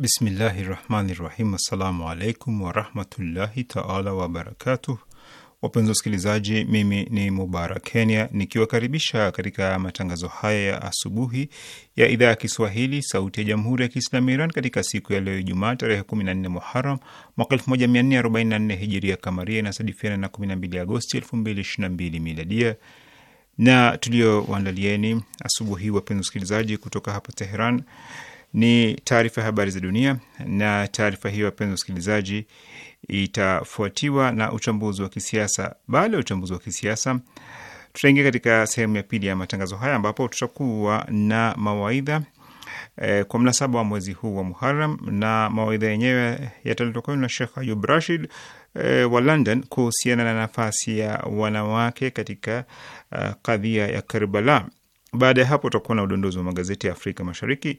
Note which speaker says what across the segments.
Speaker 1: Bismillahi rahmani rahim. Assalamu alaikum warahmatullahi taala wabarakatuh. Wapenzi wasikilizaji, mimi ni Mubarak Kenya nikiwakaribisha katika matangazo haya ya asubuhi ya idhaa ya Kiswahili sauti ya jamhuri ya Kiislamu ya Iran katika siku ya leo Ijumaa tarehe 14 Muharam mwaka 1444 hijiria kamaria inasadifiana na 12 Agosti 2022 miladia na tulioandalieni asubuhi, wapenzi wasikilizaji, kutoka hapa Teheran ni taarifa ya habari za dunia, na taarifa hiyo, wapenzi wasikilizaji, itafuatiwa na uchambuzi wa kisiasa. Baada ya uchambuzi wa kisiasa, tutaingia katika sehemu ya pili ya matangazo haya ambapo tutakuwa na mawaidha eh, kwa mnasaba wa mwezi huu wa Muharram, na mawaidha yenyewe yataletwa kwenu na Shekh Ayub Rashid eh, wa London kuhusiana na nafasi ya wanawake katika uh, kadhia ya Karbala. Baada ya hapo utakuwa na udondozi wa magazeti ya Afrika Mashariki,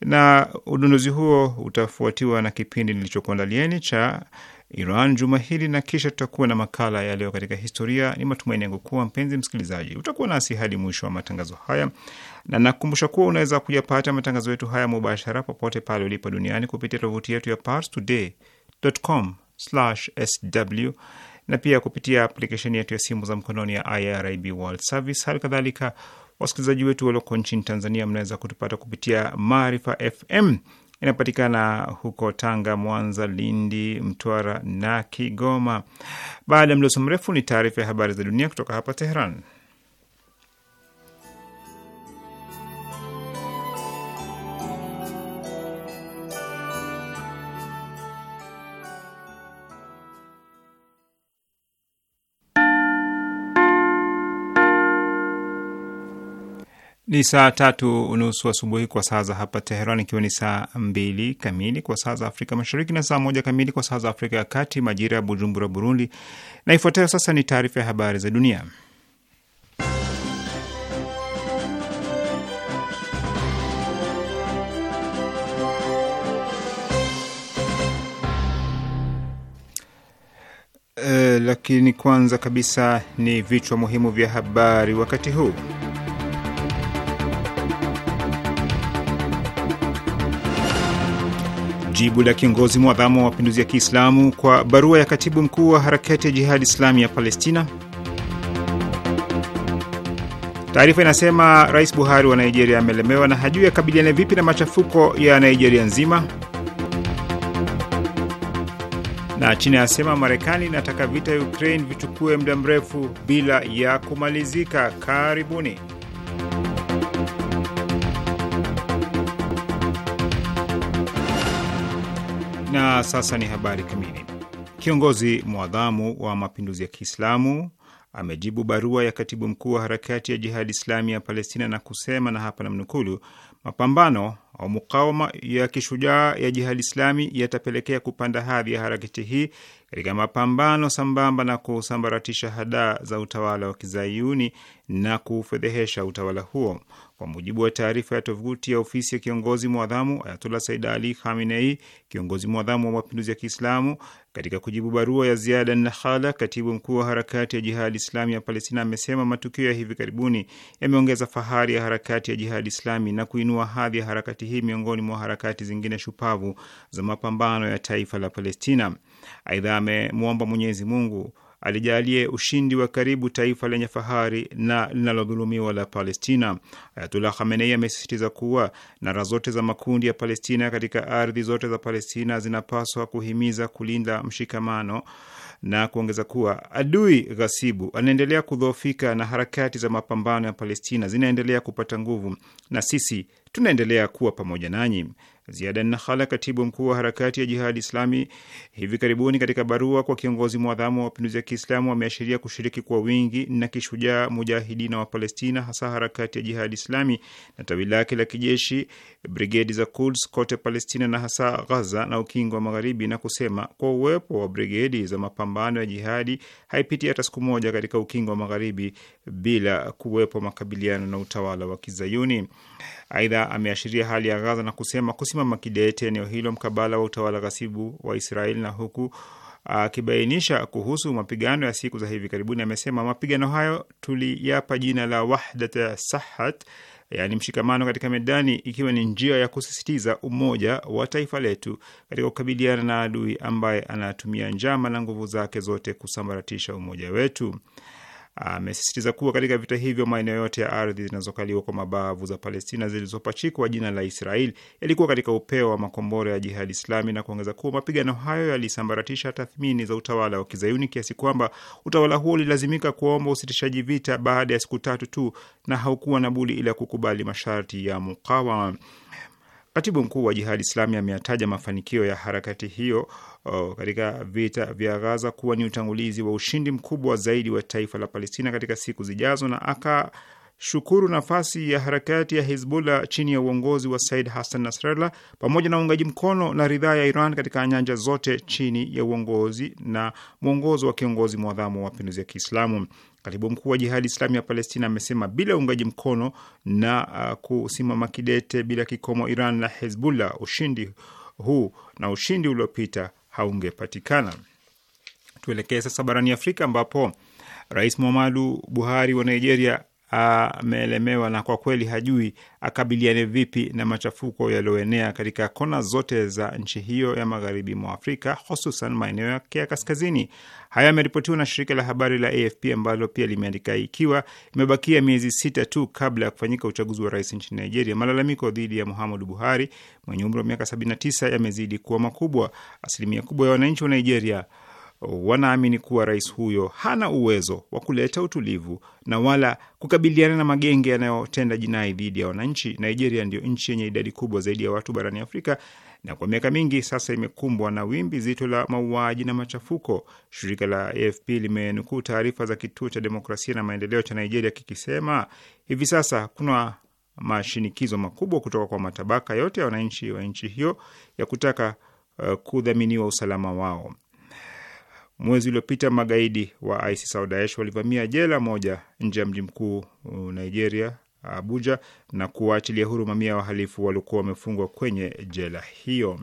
Speaker 1: na udondozi huo utafuatiwa na kipindi nilichokuandalieni cha Iran juma hili, na kisha tutakuwa na makala ya leo katika historia. Ni matumaini yangu kuwa mpenzi msikilizaji utakuwa nasi hadi mwisho wa matangazo haya, na nakumbusha kuwa unaweza kuyapata matangazo yetu haya mubashara popote pale ulipo duniani kupitia tovuti yetu ya parstoday.com/sw na pia kupitia aplikesheni yetu ya simu za mkononi ya IRIB World Service. Hali kadhalika Wasikilizaji wetu walioko nchini Tanzania, mnaweza kutupata kupitia Maarifa FM, inapatikana huko Tanga, Mwanza, Lindi, Mtwara na Kigoma. Baada ya mdoso mrefu, ni taarifa ya habari za dunia kutoka hapa Teheran. Ni saa tatu unusu asubuhi kwa saa za hapa Teheran, ikiwa ni saa mbili kamili kwa saa za Afrika Mashariki na saa moja kamili kwa saa za Afrika ya Kati, majira ya Bujumbura, Burundi. Na ifuatayo sasa ni taarifa ya habari za dunia, Uh, lakini kwanza kabisa ni vichwa muhimu vya habari wakati huu. jibu la kiongozi mwadhamu wa mapinduzi ya Kiislamu kwa barua ya katibu mkuu wa harakati ya Jihadi Islami ya Palestina. Taarifa inasema Rais Buhari wa Nigeria amelemewa na hajui akabiliane vipi na machafuko ya Nigeria nzima, na China yasema Marekani inataka vita ya Ukraine vichukue muda mrefu bila ya kumalizika. Karibuni. Na sasa ni habari kamili. Kiongozi mwadhamu wa mapinduzi ya Kiislamu amejibu barua ya katibu mkuu wa harakati ya Jihadi Islami ya Palestina na kusema, na hapa namnukulu, mapambano au mukawama ya kishujaa ya Jihadi Islami yatapelekea kupanda hadhi ya harakati hii katika mapambano sambamba na kusambaratisha hadaa za utawala wa kizayuni na kufedhehesha utawala huo. Kwa mujibu wa taarifa ya tovuti ya ofisi ya kiongozi mwadhamu ayatullah Said Ali Khamenei, kiongozi mwadhamu wa mapinduzi ya Kiislamu, katika kujibu barua ya Ziada nahala katibu mkuu wa harakati ya Jihadi Islami ya Palestina, amesema matukio ya hivi karibuni yameongeza fahari ya harakati ya Jihadi Islami na kuinua hadhi ya harakati hii miongoni mwa harakati zingine shupavu za mapambano ya taifa la Palestina. Aidha amemwomba Mwenyezi Mungu alijalie ushindi wa karibu taifa lenye fahari na linalodhulumiwa la Palestina. Ayatullah Khamenei amesisitiza kuwa nara zote za makundi ya Palestina katika ardhi zote za Palestina zinapaswa kuhimiza kulinda mshikamano na kuongeza kuwa adui ghasibu anaendelea kudhoofika na harakati za mapambano ya Palestina zinaendelea kupata nguvu, na sisi tunaendelea kuwa pamoja nanyi. Ziada nahala katibu mkuu wa harakati ya Jihadi Islami, hivi karibuni katika barua kwa kiongozi mwadhamu wa mapinduzi ya Kiislamu ameashiria kushiriki kwa wingi na kishujaa mujahidina wa Palestina, hasa harakati ya Jihadi Islami na tawi lake la kijeshi, brigedi za kuls kote Palestina na hasa Ghaza na Ukingo wa Magharibi, na kusema kwa uwepo wa brigedi za mapambano ya jihadi haipiti hata siku moja katika Ukingo wa Magharibi bila kuwepo makabiliano na utawala wa Kizayuni. Aidha, ameashiria hali ya Gaza na kusema kusimama kidete eneo hilo mkabala wa utawala ghasibu wa Israeli, na huku ah, akibainisha kuhusu mapigano ya siku za hivi karibuni, amesema mapigano hayo tuliyapa jina la wahdat sahat, yaani mshikamano katika medani, ikiwa ni njia ya kusisitiza umoja wa taifa letu katika kukabiliana na adui ambaye anatumia njama na nguvu zake zote kusambaratisha umoja wetu amesisitiza kuwa katika vita hivyo maeneo yote ya ardhi zinazokaliwa kwa mabavu za Palestina zilizopachikwa jina la Israel yalikuwa katika upeo wa makombora ya Jihadi Islami na kuongeza kuwa mapigano hayo yalisambaratisha tathmini za utawala wa kizayuni kiasi kwamba utawala huo ulilazimika kuomba usitishaji vita baada ya siku tatu tu na haukuwa na budi ila kukubali masharti ya mukawama. Katibu mkuu wa Jihadi Islami ameyataja mafanikio ya harakati hiyo oh, katika vita vya Gaza kuwa ni utangulizi wa ushindi mkubwa zaidi wa taifa la Palestina katika siku zijazo, na aka shukuru nafasi ya harakati ya Hizbullah chini ya uongozi wa Said Hassan Nasrallah pamoja na uungaji mkono na ridhaa ya Iran katika nyanja zote chini ya uongozi na mwongozo wa kiongozi mwadhamu wa mapinduzi ya Kiislamu. Katibu mkuu wa Jihadi Islami ya Palestina amesema bila uungaji mkono na uh, kusimama kidete bila kikomo Iran na Hizbullah, ushindi huu na ushindi uliopita haungepatikana. Tuelekee sasa barani Afrika ambapo Rais Muhammadu Buhari wa Nigeria ameelemewa na kwa kweli hajui akabiliane vipi na machafuko yaliyoenea katika kona zote za nchi hiyo ya magharibi mwa Afrika, hususan maeneo yake ya kaskazini. Haya yameripotiwa na shirika la habari la AFP ambalo pia limeandika ikiwa imebakia miezi sita tu kabla ya kufanyika uchaguzi wa rais nchini Nigeria, malalamiko dhidi ya Muhammadu Buhari mwenye umri wa miaka 79 yamezidi kuwa makubwa. Asilimia kubwa ya wananchi wa Nigeria wanaamini kuwa rais huyo hana uwezo wa kuleta utulivu na wala kukabiliana na magenge yanayotenda jinai dhidi ya wananchi. Nigeria ndiyo nchi yenye idadi kubwa zaidi ya watu barani Afrika na kwa miaka mingi sasa imekumbwa na wimbi zito la mauaji na machafuko. Shirika la AFP limenukuu taarifa za kituo cha demokrasia na maendeleo cha Nigeria kikisema hivi sasa kuna mashinikizo makubwa kutoka kwa matabaka yote ya wananchi wa nchi hiyo ya kutaka uh, kudhaminiwa usalama wao. Mwezi uliopita magaidi wa ISIS au Daesh walivamia jela moja nje ya mji mkuu uh, Nigeria, Abuja, na kuwaachilia huru mamia ya wahalifu waliokuwa wamefungwa kwenye jela hiyo.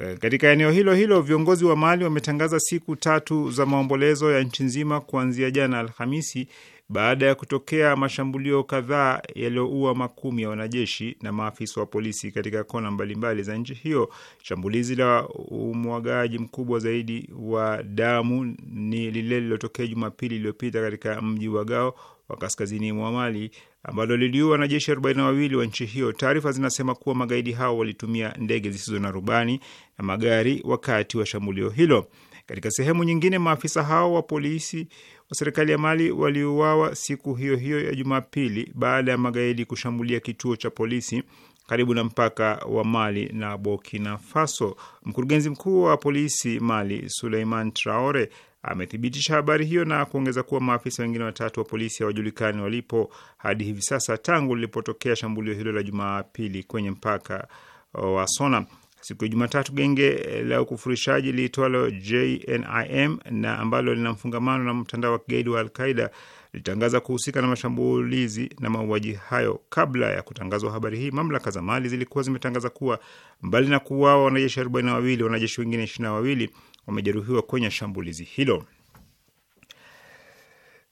Speaker 1: Eh, katika eneo hilo hilo viongozi wa Mali wametangaza siku tatu za maombolezo ya nchi nzima kuanzia jana Alhamisi baada ya kutokea mashambulio kadhaa yaliyoua makumi ya wanajeshi na maafisa wa polisi katika kona mbalimbali za nchi hiyo. Shambulizi la umwagaji mkubwa zaidi wa damu ni lile lililotokea Jumapili iliyopita katika mji wa Gao wa kaskazini mwa Mali ambalo liliua wanajeshi 42 wa nchi hiyo. Taarifa zinasema kuwa magaidi hao walitumia ndege zisizo na rubani na magari wakati wa shambulio hilo. Katika sehemu nyingine, maafisa hao wa polisi wa serikali ya Mali waliuawa siku hiyo hiyo ya Jumapili baada ya magaidi kushambulia kituo cha polisi karibu na mpaka wa Mali na Burkina Faso. Mkurugenzi mkuu wa polisi Mali, Suleiman Traore, amethibitisha habari hiyo na kuongeza kuwa maafisa wengine watatu wa polisi hawajulikani walipo hadi hivi sasa tangu lilipotokea shambulio hilo la Jumapili kwenye mpaka wa Sona. Siku ya Jumatatu, genge eh, la ukufurishaji liitwalo JNIM na ambalo lina mfungamano na mtandao wa kigaidi wa Alqaida litangaza kuhusika na mashambulizi na mauaji hayo. Kabla ya kutangazwa habari hii, mamlaka za Mali zilikuwa zimetangaza kuwa mbali na kuuawa wanajeshi arobaini na wawili, wanajeshi wengine ishirini na wawili wamejeruhiwa kwenye shambulizi hilo.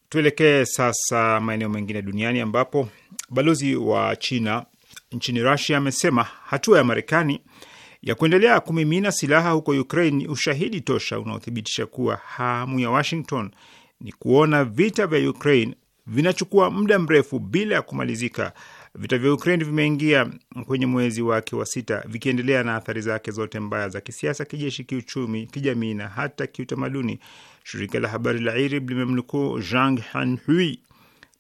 Speaker 1: Tuelekee sasa maeneo mengine duniani ambapo balozi wa China nchini Rusia amesema hatua ya Marekani ya kuendelea kumimina silaha huko Ukraine ni ushahidi tosha unaothibitisha kuwa hamu ya Washington ni kuona vita vya Ukraine vinachukua muda mrefu bila ya kumalizika. Vita vya Ukraine vimeingia kwenye mwezi wake wa sita, vikiendelea na athari zake zote mbaya za kisiasa, kijeshi, kiuchumi, kijamii na hata kiutamaduni. Shirika la habari la IRIB limemnukuu Zhang Hanhui,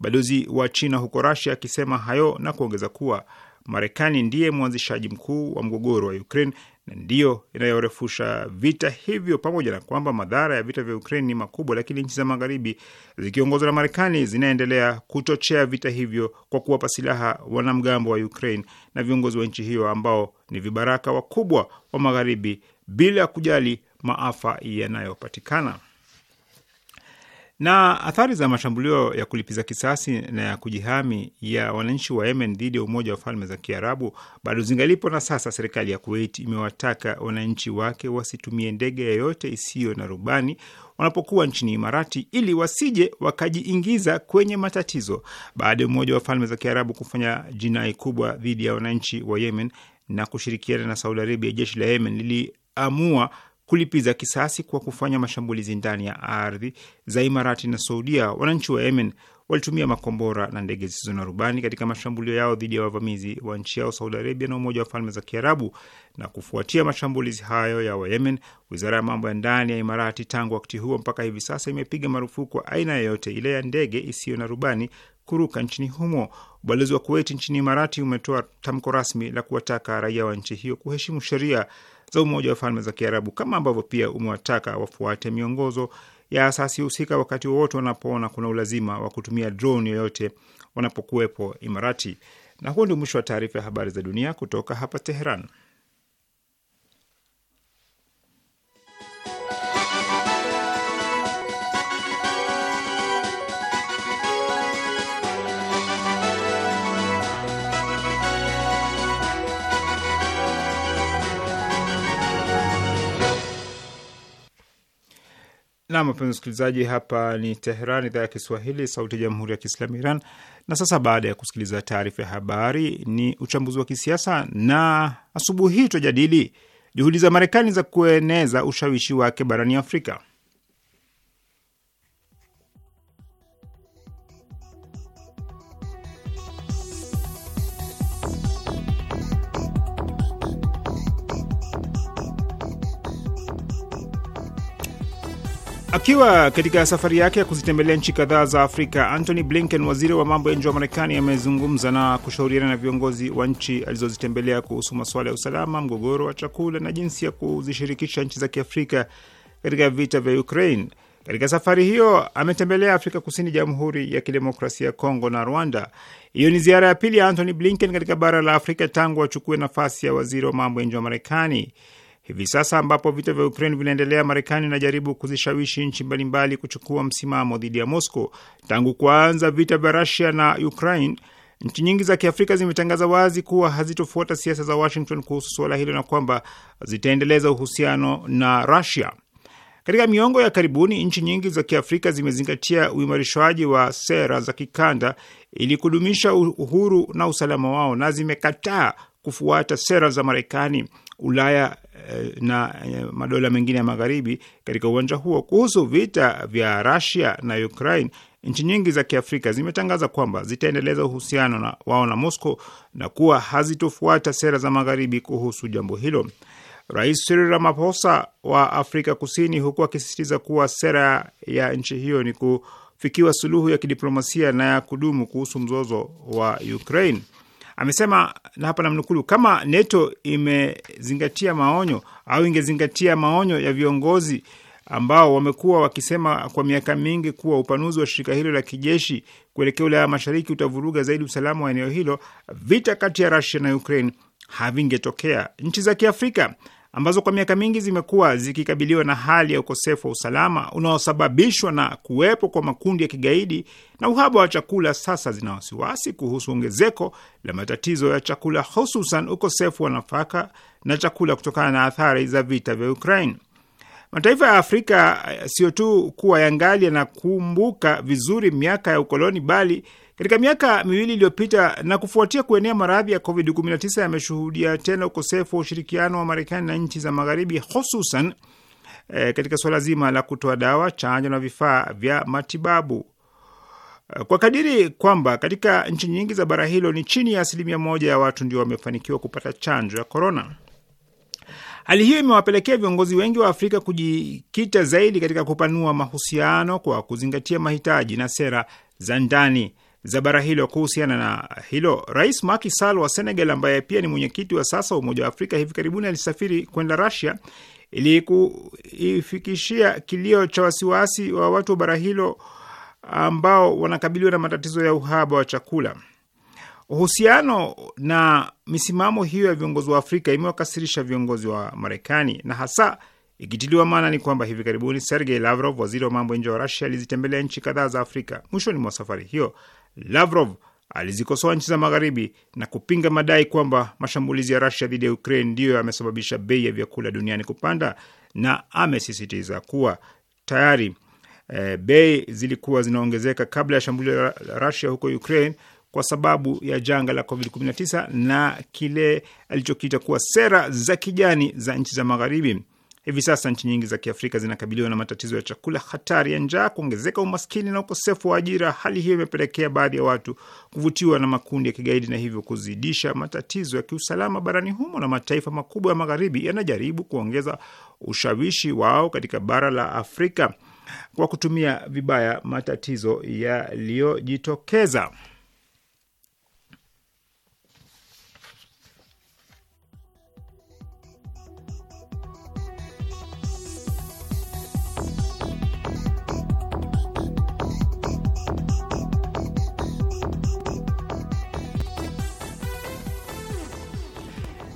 Speaker 1: balozi wa China huko Rasia, akisema hayo na kuongeza kuwa Marekani ndiye mwanzishaji mkuu wa mgogoro wa Ukraine na ndiyo inayorefusha vita hivyo. Pamoja na kwamba madhara ya vita vya Ukraine ni makubwa, lakini nchi za Magharibi zikiongozwa na Marekani zinaendelea kuchochea vita hivyo kwa kuwapa silaha wanamgambo wa Ukraine na viongozi wa nchi hiyo ambao ni vibaraka wakubwa wa Magharibi bila kujali maafa yanayopatikana. Na athari za mashambulio ya kulipiza kisasi na ya kujihami ya wananchi wa Yemen dhidi ya Umoja wa Falme za Kiarabu bado zingalipo, na sasa serikali ya Kuwait imewataka wananchi wake wasitumie ndege yoyote isiyo na rubani wanapokuwa nchini Imarati ili wasije wakajiingiza kwenye matatizo baada ya Umoja wa Falme za Kiarabu kufanya jinai kubwa dhidi ya wananchi wa Yemen na kushirikiana na Saudi Arabia. Jeshi la Yemen liliamua kulipiza kisasi kwa kufanya mashambulizi ndani ya ardhi za Imarati na Saudia. Wananchi wa Yemen walitumia makombora na ndege zisizo na rubani katika mashambulio yao dhidi ya wavamizi wa nchi yao Saudi Arabia na Umoja wa Falme za Kiarabu. Na kufuatia mashambulizi hayo ya Wayemen, wizara ya mambo ya ndani ya Imarati tangu wakati huo mpaka hivi sasa imepiga marufuku aina yoyote ile ya ndege isiyo na rubani kuruka nchini humo. Ubalozi wa Kuwait nchini Imarati umetoa tamko rasmi la kuwataka raia wa nchi hiyo kuheshimu sheria za Umoja wa Falme za Kiarabu, kama ambavyo pia umewataka wafuate miongozo ya asasi husika wakati wowote wanapoona kuna ulazima wa kutumia drone yoyote wanapokuwepo Imarati. Na huo ndio mwisho wa taarifa ya habari za dunia kutoka hapa Teheran. Nam, wapenzi msikilizaji, hapa ni Teheran, idhaa ya Kiswahili, sauti ya jamhuri ya kiislamu Iran. Na sasa baada ya kusikiliza taarifa ya habari, ni uchambuzi wa kisiasa, na asubuhi hii tutajadili juhudi za Marekani za kueneza ushawishi wake barani Afrika. Akiwa katika safari yake ya kuzitembelea nchi kadhaa za Afrika, Antony Blinken, waziri wa mambo ya nje wa Marekani, amezungumza na kushauriana na viongozi wa nchi alizozitembelea kuhusu masuala ya usalama, mgogoro wa chakula na jinsi ya kuzishirikisha nchi za kiafrika katika vita vya Ukraine. Katika safari hiyo ametembelea Afrika Kusini, Jamhuri ya Kidemokrasia ya Kongo na Rwanda. Hiyo ni ziara ya pili ya Antony Blinken katika bara la Afrika tangu achukue nafasi ya waziri wa mambo ya nje wa Marekani. Hivi sasa ambapo vita vya Ukraine vinaendelea, Marekani inajaribu kuzishawishi nchi mbalimbali kuchukua msimamo dhidi ya Moscow. Tangu kuanza vita vya Rusia na Ukraine, nchi nyingi za Kiafrika zimetangaza wazi kuwa hazitofuata siasa za Washington kuhusu suala hilo na kwamba zitaendeleza uhusiano na Rusia. Katika miongo ya karibuni nchi nyingi za Kiafrika zimezingatia uimarishwaji wa sera za kikanda ili kudumisha uhuru na usalama wao na zimekataa kufuata sera za Marekani Ulaya eh, na eh, madola mengine ya magharibi katika uwanja huo. Kuhusu vita vya Russia na Ukraine, nchi nyingi za Kiafrika zimetangaza kwamba zitaendeleza uhusiano na wao na Moscow na kuwa hazitofuata sera za magharibi kuhusu jambo hilo. Rais Cyril Ramaphosa wa Afrika Kusini, huku akisisitiza kuwa sera ya nchi hiyo ni kufikiwa suluhu ya kidiplomasia na ya kudumu kuhusu mzozo wa Ukraine. Amesema na hapa namnukulu kama NATO imezingatia maonyo au ingezingatia maonyo ya viongozi ambao wamekuwa wakisema kwa miaka mingi kuwa upanuzi wa shirika hilo la kijeshi kuelekea Ulaya Mashariki utavuruga zaidi usalama wa eneo hilo, vita kati ya Rusia na Ukraine havingetokea. Nchi za Kiafrika ambazo kwa miaka mingi zimekuwa zikikabiliwa na hali ya ukosefu wa usalama unaosababishwa na kuwepo kwa makundi ya kigaidi na uhaba wa chakula, sasa zina wasiwasi kuhusu ongezeko la matatizo ya chakula, hususan ukosefu wa nafaka na chakula kutokana na athari za vita vya Ukraine. Mataifa ya Afrika eh, siyo tu kuwa yangali yanakumbuka vizuri miaka ya ukoloni, bali katika miaka miwili iliyopita na kufuatia kuenea maradhi ya COVID-19 yameshuhudia tena ukosefu wa ushirikiano wa Marekani na nchi za Magharibi, hususan eh, katika suala zima la kutoa dawa, chanjo na vifaa vya matibabu, eh, kwa kadiri kwamba katika nchi nyingi za bara hilo ni chini ya asilimia moja ya watu ndio wamefanikiwa kupata chanjo ya korona. Hali hiyo imewapelekea viongozi wengi wa Afrika kujikita zaidi katika kupanua mahusiano kwa kuzingatia mahitaji na sera za ndani za bara hilo. Kuhusiana na hilo, Rais Macky Sall wa Senegal, ambaye pia ni mwenyekiti wa sasa wa Umoja wa Afrika, hivi karibuni alisafiri kwenda rasia ili kuifikishia kilio cha wasiwasi wa watu wa bara hilo ambao wanakabiliwa na matatizo ya uhaba wa chakula. Uhusiano na misimamo hiyo ya viongozi wa Afrika imewakasirisha viongozi wa Marekani na hasa ikitiliwa maana ni kwamba hivi karibuni Sergei Lavrov, waziri wa mambo ya nje wa Rusia, alizitembelea nchi kadhaa za Afrika. Mwishoni mwa safari hiyo Lavrov alizikosoa nchi za Magharibi na kupinga madai kwamba mashambulizi ya Rusia dhidi ya Ukraine ndiyo yamesababisha bei ya vyakula duniani kupanda, na amesisitiza kuwa tayari e, bei zilikuwa zinaongezeka kabla ya shambulio la Rusia huko Ukraine kwa sababu ya janga la COVID-19 na kile alichokiita kuwa sera za kijani za nchi za Magharibi. Hivi sasa nchi nyingi za Kiafrika zinakabiliwa na matatizo ya chakula, hatari ya njaa, kuongezeka umaskini na ukosefu wa ajira. Hali hiyo imepelekea baadhi ya watu kuvutiwa na makundi ya kigaidi na hivyo kuzidisha matatizo ya kiusalama barani humo, na mataifa makubwa ya Magharibi yanajaribu kuongeza ushawishi wao katika bara la Afrika kwa kutumia vibaya matatizo yaliyojitokeza.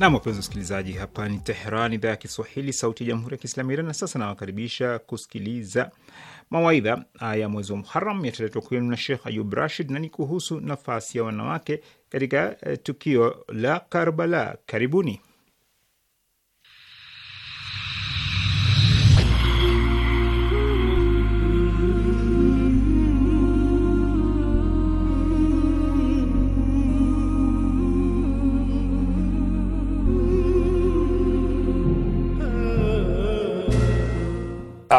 Speaker 1: Nam, wapenzi wasikilizaji, hapa ni Teheran, idhaa ya Kiswahili, sauti ya jamhuri ya kiislamu ya Iran. Na sasa nawakaribisha kusikiliza mawaidha ya mwezi wa Muharam, yataletwa kwenu na Shekh Ayub Rashid na ni kuhusu nafasi ya wanawake katika eh, tukio la Karbala. Karibuni.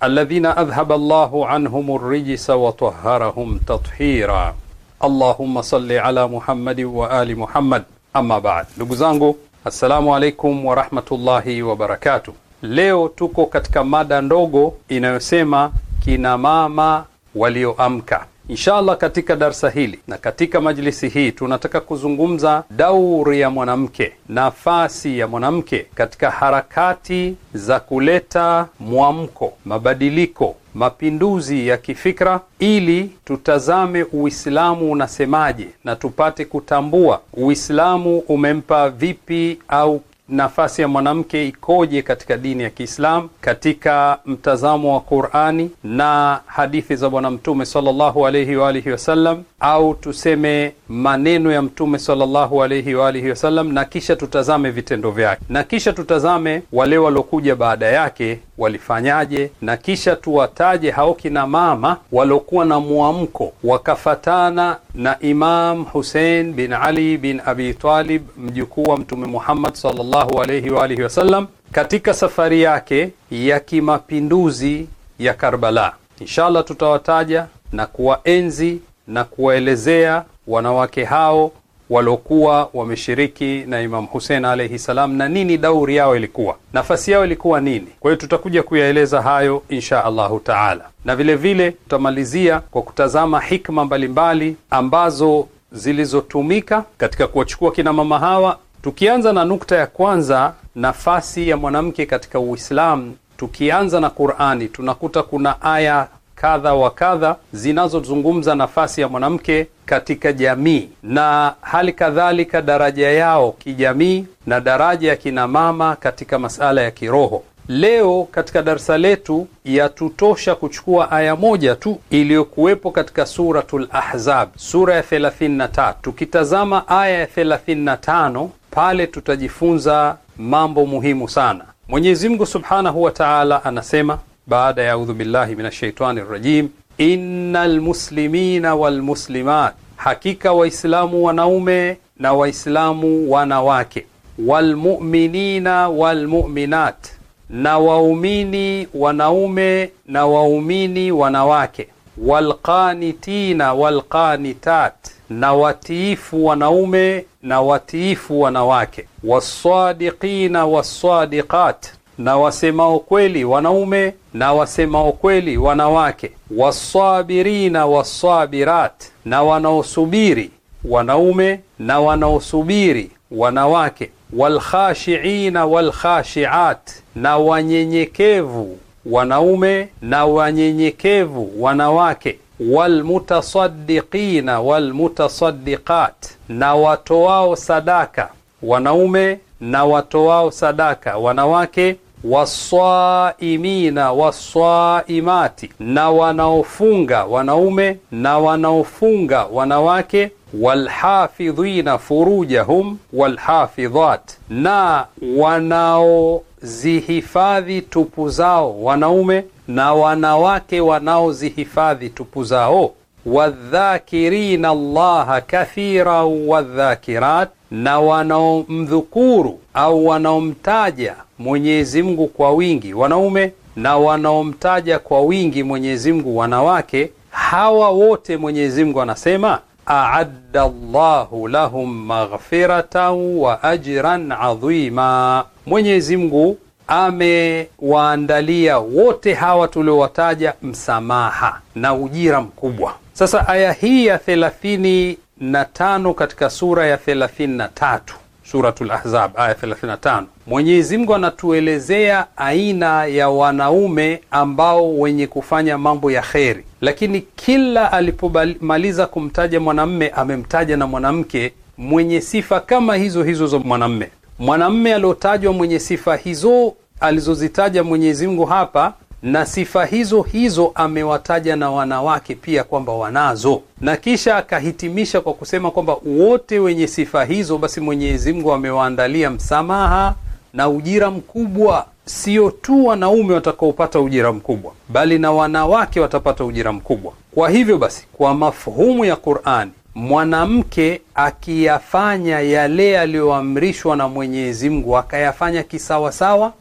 Speaker 2: alladhina adhhaba Allahu anhum ar-rijsa wa tahharahum tathira. Allahumma salli ala Muhammad wa ali Muhammad. Amma ba'd, ndugu zangu, assalamu alaikum wa rahmatullahi wa barakatuh. Leo tuko katika mada ndogo inayosema kina mama walioamka inshaallah katika darsa hili na katika majlisi hii tunataka kuzungumza dauri ya mwanamke, nafasi ya mwanamke katika harakati za kuleta mwamko, mabadiliko, mapinduzi ya kifikra, ili tutazame Uislamu unasemaje na tupate kutambua Uislamu umempa vipi au nafasi ya mwanamke ikoje katika dini ya kiislam katika mtazamo wa Qurani na hadithi za Bwana Mtume sallallahu alayhi wa alihi wasallam, au tuseme maneno ya Mtume sallallahu alayhi wa alihi wasallam, na kisha tutazame vitendo vyake, na kisha tutazame wale waliokuja baada yake walifanyaje, na kisha tuwataje hao kina mama waliokuwa na mwamko wakafatana na Imam Hussein bin Ali bin Abi Talib, mjukuu wa Mtume Muhammad sallallahu sallallahu alayhi wa alihi wasallam katika safari yake ya kimapinduzi ya Karbala. Inshallah tutawataja na kuwaenzi na kuwaelezea wanawake hao waliokuwa wameshiriki na Imam Hussein alayhi salam, na nini dauri yao ilikuwa, nafasi yao ilikuwa nini. Kwa hiyo tutakuja kuyaeleza hayo insha Allahu taala, na vile vile tutamalizia kwa kutazama hikma mbalimbali ambazo zilizotumika katika kuwachukua kina mama hawa Tukianza na nukta ya kwanza, nafasi ya mwanamke katika Uislamu, tukianza na Qur'ani tunakuta kuna aya kadha wa kadha zinazozungumza nafasi ya mwanamke katika jamii na hali kadhalika daraja yao kijamii na daraja ya kinamama katika masala ya kiroho. Leo katika darsa letu yatutosha kuchukua aya moja tu iliyokuwepo katika Suratul Ahzab, sura ya 33. Tukitazama aya ya 35 pale tutajifunza mambo muhimu sana. Mwenyezi Mungu subhanahu wa taala anasema baada ya audhu billahi ashaitani rajim, inna lmuslimina walmuslimat, hakika Waislamu wanaume na Waislamu wanawake, walmuminina walmuminat, na waumini wanaume na waumini wanawake walqanitina walqanitat, na watiifu wanaume na watiifu wanawake, wassadiqina wassadiqat, na wasemao kweli wanaume na wasemao kweli wanawake, wassabirina wassabirat, na wanaosubiri wanaume na wanaosubiri wanawake, walkhashiina walkhashiat, na wanyenyekevu wanaume na wanyenyekevu wanawake, walmutasaddiqina walmutasaddiqat, na watoao sadaka wanaume na watoao sadaka wanawake, wasaimina wasaimati, na wanaofunga wanaume na wanaofunga wanawake walhafidhina furujahum walhafidhat, na wanaozihifadhi tupu zao wanaume na wanawake wanaozihifadhi tupu zao, wadhakirina Allaha kathira wadhakirat, na wanaomdhukuru au wanaomtaja Mwenyezi Mungu kwa wingi wanaume na wanaomtaja kwa wingi Mwenyezi Mungu wanawake. Hawa wote Mwenyezi Mungu anasema a'adda Allahu lahum maghfiratan wa ajran adhima, Mwenyezi Mungu amewaandalia wote hawa tuliowataja msamaha na ujira mkubwa. Sasa aya hii ya 35 katika sura ya 33 Suratul Ahzab aya 35. Mwenyezi Mungu anatuelezea aina ya wanaume ambao wenye kufanya mambo ya kheri, lakini kila alipomaliza kumtaja mwanamme amemtaja na mwanamke mwenye sifa kama hizo hizo za mwanamme. Mwanamme aliotajwa mwenye sifa hizo alizozitaja Mwenyezi Mungu hapa na sifa hizo hizo amewataja na wanawake pia kwamba wanazo, na kisha akahitimisha kwa kusema kwamba wote wenye sifa hizo, basi Mwenyezi Mungu amewaandalia msamaha na ujira mkubwa. Sio tu wanaume watakaopata ujira mkubwa, bali na wanawake watapata ujira mkubwa. Kwa hivyo basi, kwa mafhumu ya Qur'ani, mwanamke akiyafanya yale aliyoamrishwa na Mwenyezi Mungu akayafanya kisawasawa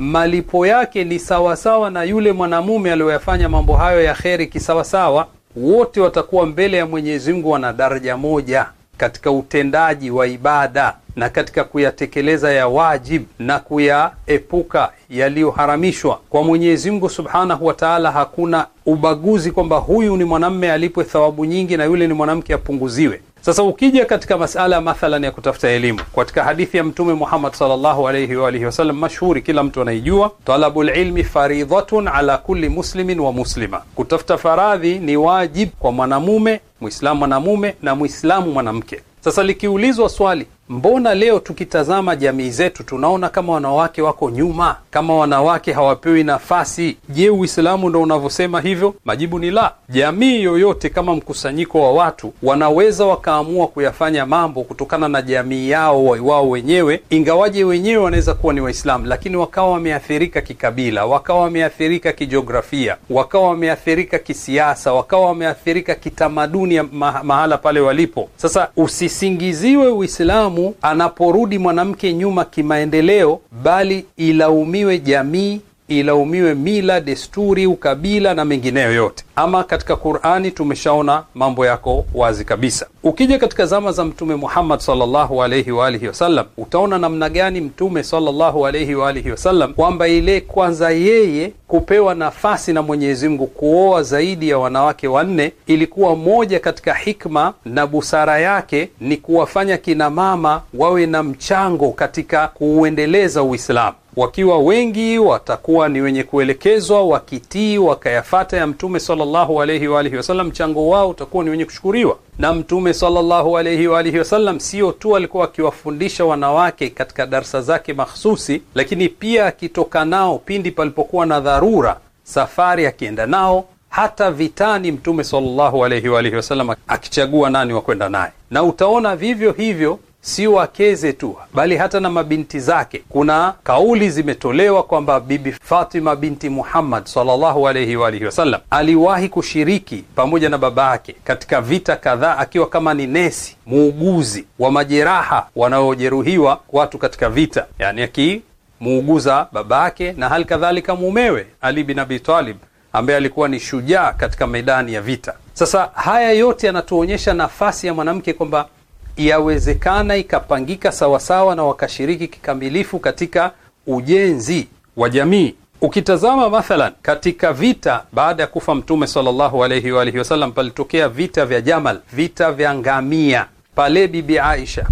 Speaker 2: malipo yake ni sawasawa na yule mwanamume aliyoyafanya mambo hayo ya kheri kisawasawa. Wote watakuwa mbele ya Mwenyezi Mungu wana daraja moja katika utendaji wa ibada na katika kuyatekeleza ya wajib na kuyaepuka yaliyoharamishwa. Kwa Mwenyezi Mungu subhanahu wa taala hakuna ubaguzi kwamba huyu ni mwanamme alipwe thawabu nyingi na yule ni mwanamke apunguziwe. Sasa ukija katika masala mathalan ya kutafuta elimu katika hadithi ya Mtume Muhammad sallallahu alayhi wa alihi wasallam mashhuri, kila mtu anaijua, talabul ilmi faridhatun ala kulli muslimin wa muslima, kutafuta faradhi ni wajib kwa mwanamume Mwislamu mwanamume na Mwislamu mwanamke. Sasa likiulizwa swali Mbona leo tukitazama jamii zetu tunaona kama wanawake wako nyuma, kama wanawake hawapewi nafasi? Je, Uislamu ndo unavyosema hivyo? Majibu ni la. Jamii yoyote kama mkusanyiko wa watu wanaweza wakaamua kuyafanya mambo kutokana na jamii yao wao wenyewe, ingawaje wenyewe wanaweza kuwa ni Waislamu, lakini wakawa wameathirika kikabila, wakawa wameathirika kijiografia, wakawa wameathirika kisiasa, wakawa wameathirika kitamaduni ya mahala pale walipo. Sasa usisingiziwe Uislamu Uislamu anaporudi mwanamke nyuma kimaendeleo, bali ilaumiwe jamii, ilaumiwe mila, desturi, ukabila na mengineyo yote ama katika Qur'ani tumeshaona mambo yako wazi kabisa. Ukija katika zama za Mtume Muhammad sallallahu alayhi wa alihi wasallam, utaona namna gani Mtume sallallahu alayhi wa alihi wasallam kwamba ile kwanza yeye kupewa nafasi na Mwenyezi Mungu kuoa zaidi ya wanawake wanne ilikuwa moja katika hikma na busara yake ni kuwafanya kina mama wawe na mchango katika kuuendeleza Uislamu wakiwa wengi watakuwa ni wenye kuelekezwa wakitii wakayafata ya Mtume sallallahu sallallahu alayhi wa alihi wasallam, mchango wao utakuwa ni wenye kushukuriwa. Na Mtume sallallahu alayhi wa alihi wasallam sio tu alikuwa akiwafundisha wanawake katika darsa zake mahsusi, lakini pia akitoka nao pindi palipokuwa na dharura, safari akienda nao hata vitani, Mtume sallallahu alayhi wa alihi wasallam akichagua nani wa kwenda naye, na utaona vivyo hivyo si wakeze tu, bali hata na mabinti zake. Kuna kauli zimetolewa kwamba Bibi Fatima binti Muhammad sallallahu alayhi wa alihi wasallam aliwahi kushiriki pamoja na baba yake katika vita kadhaa, akiwa kama ni nesi muuguzi wa majeraha wanaojeruhiwa watu katika vita, yani akimuuguza baba yake na hali kadhalika mumewe Ali bin Abi Talib ambaye alikuwa ni shujaa katika medani ya vita. Sasa haya yote yanatuonyesha nafasi ya mwanamke kwamba yawezekana ikapangika sawasawa na wakashiriki kikamilifu katika ujenzi wa jamii. Ukitazama mathalan katika vita baada ya kufa Mtume sallallahu alayhi wa alihi wasallam, palitokea vita vya Jamal, vita vya ngamia. Pale Bibi Aisha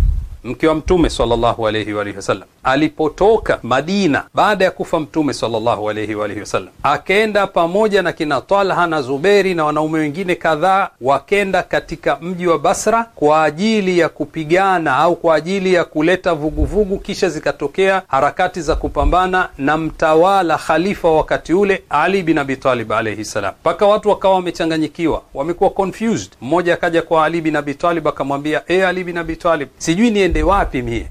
Speaker 2: mke wa Mtume sallallahu alayhi wa alihi wasallam alipotoka Madina baada ya kufa Mtume sallallahu alayhi wa alihi wasallam, akenda pamoja na kina Talha na Zuberi na wanaume wengine kadhaa, wakenda katika mji wa Basra kwa ajili ya kupigana au kwa ajili ya kuleta vuguvugu vugu. Kisha zikatokea harakati za kupambana na mtawala khalifa wakati ule Ali bin Abi Talib alayhi salam, mpaka watu wakawa wamechanganyikiwa, wamekuwa confused. Mmoja akaja kwa Ali bin Abi Talib akamwambia, e Ali bin Abi Talib, sijui niende wapi mie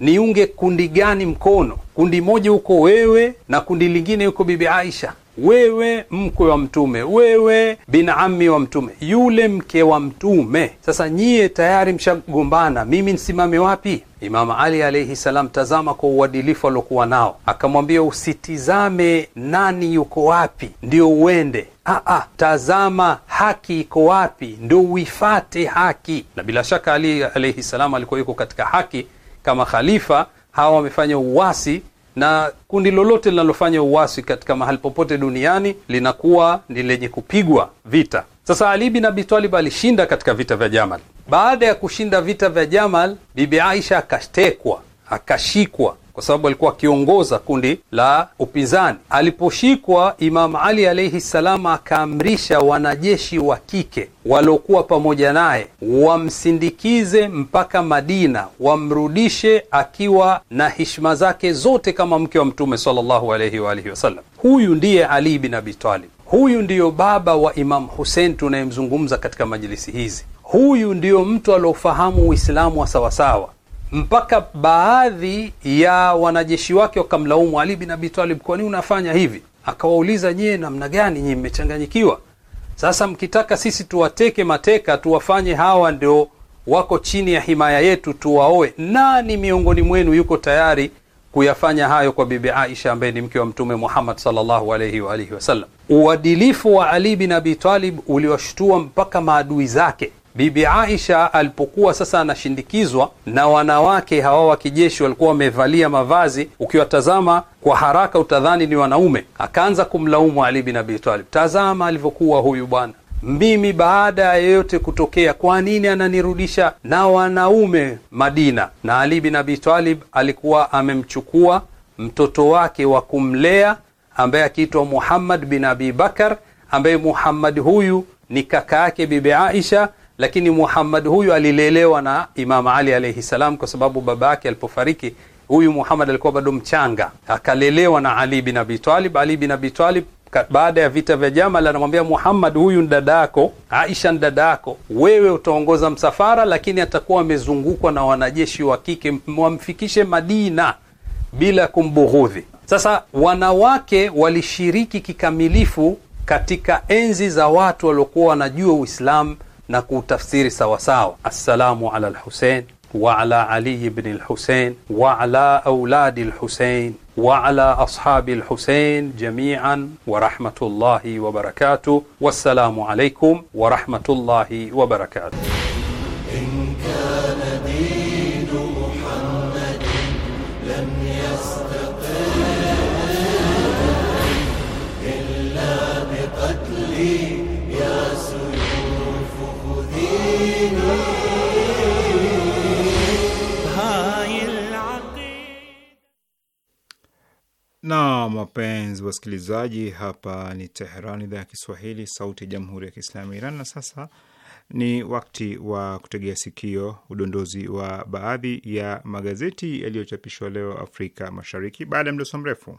Speaker 2: niunge kundi gani mkono? Kundi moja huko wewe na kundi lingine huko Bibi Aisha, wewe mkwe wa Mtume, wewe binami wa Mtume, yule mke wa Mtume. Sasa nyie tayari mshagombana, mimi nsimame wapi? Imam Ali alaihi salam, tazama kwa uadilifu aliokuwa nao, akamwambia usitizame nani yuko wapi ndio uende Aa, ah, ah, tazama haki iko wapi ndio uifate haki. Na bila shaka Ali alaihi salam alikuwa yuko katika haki kama khalifa, hawa wamefanya uwasi, na kundi lolote linalofanya uwasi katika mahali popote duniani linakuwa ni lenye kupigwa vita. Sasa Ali bin Abi Talib alishinda katika vita vya Jamal. Baada ya kushinda vita vya Jamal, Bibi Aisha akashtekwa, akashikwa kwa sababu alikuwa akiongoza kundi la upinzani. Aliposhikwa Imam Ali alaihi ssalam, akaamrisha wanajeshi wa kike waliokuwa pamoja naye wamsindikize mpaka Madina, wamrudishe akiwa na hishma zake zote kama mke wa Mtume sallallahu alaihi wa alihi wasallam. Huyu ndiye Ali bin Abi Talib. Huyu ndiyo baba wa Imam Hussein tunayemzungumza katika majilisi hizi. Huyu ndiyo mtu aliofahamu Uislamu wa sawasawa mpaka baadhi ya wanajeshi wake wakamlaumu Ali bin Abi Talib, kwa nini unafanya hivi? Akawauliza, nyie namna gani? Nyie mmechanganyikiwa. Sasa mkitaka sisi tuwateke mateka, tuwafanye hawa ndio wako chini ya himaya yetu, tuwaoe, nani miongoni mwenu yuko tayari kuyafanya hayo kwa Bibi Aisha ambaye ni mke wa Mtume Muhammad sallallahu alayhi wa alihi wasallam? Uadilifu wa Ali bin Abi Talib uliwashtua mpaka maadui zake. Bibi Aisha alipokuwa sasa anashindikizwa na wanawake hawa wa kijeshi, walikuwa wamevalia mavazi, ukiwatazama kwa haraka utadhani ni wanaume. Akaanza kumlaumu Ali bin Abi Talib, tazama alivyokuwa huyu bwana mimi baada ya yeyote kutokea, kwa nini ananirudisha na wanaume Madina? Na Ali bin Abi Talib alikuwa amemchukua mtoto wake wa kumlea ambaye akiitwa Muhammad bin Abi Bakar, ambaye Muhammad huyu ni kaka yake Bibi Aisha lakini Muhammad huyu alilelewa na Imam Ali alaihi salam, kwa sababu baba yake alipofariki huyu Muhammad alikuwa bado mchanga, akalelewa na Ali bin Abi Talib. Ali bin Abi Talib baada ya vita vya Jamal anamwambia Muhammad, huyu dadako Aisha, dadako wewe, utaongoza msafara, lakini atakuwa amezungukwa na wanajeshi wa kike, wamfikishe Madina bila kumbughudhi. Sasa wanawake walishiriki kikamilifu katika enzi za watu waliokuwa wanajua Uislamu na kuutafsiri sawasawa. Assalamu ala lhusein waala aliyi bni lhusein waala auladi lhusein waala ashabi lhusein jamian warahmatullahi wabarakatuh. Wassalamu alaikum warahmatullahi wabarakatuh.
Speaker 1: na mapenzi wasikilizaji, hapa ni Teheran, idhaa ya Kiswahili, sauti ya jamhuri ya kiislamu ya Iran. Na sasa ni wakati wa kutegea sikio udondozi wa baadhi ya magazeti yaliyochapishwa leo Afrika Mashariki baada ya mdoso mrefu